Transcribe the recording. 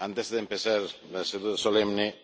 antes de empezar la solemne